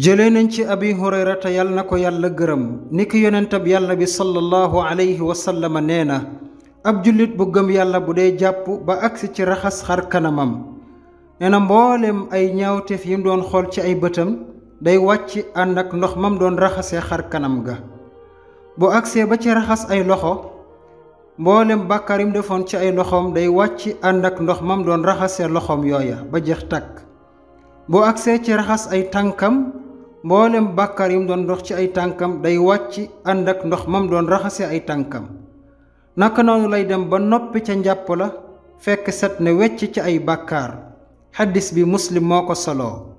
jëlee nañ ci abi hurayrata yàll na ko yàlla gërëm niki yonentab yàlla bi sallallahu alayhi wa sallama nee na ab jullit bu gëm yàlla bu dee jàpp ba agsi ci raxas xar kanamam nee na mboolem ay ñaawteef yi doon xool ci ay bëtam day wàcc ànd ak ndox mam doon raxase xar kanam ga bu agsee ba ci raxas ay loxo mboolem bàkkaar yi defoon ci ay loxoom day wàcc ànd ak ndox mam doon raxase loxoom yooya ba jeex takk bu agsee ci raxas ay tànkam mboolem bàkkaar yu mu doon ndox ci ay tànkam day wàcc ànd ak ndox mam doon raxase ay tànkam naka noonu lay dem ba noppi ca njàpp la fekk set ne wecc ci ay bàkkaar xaddis bi muslim moo ko soloo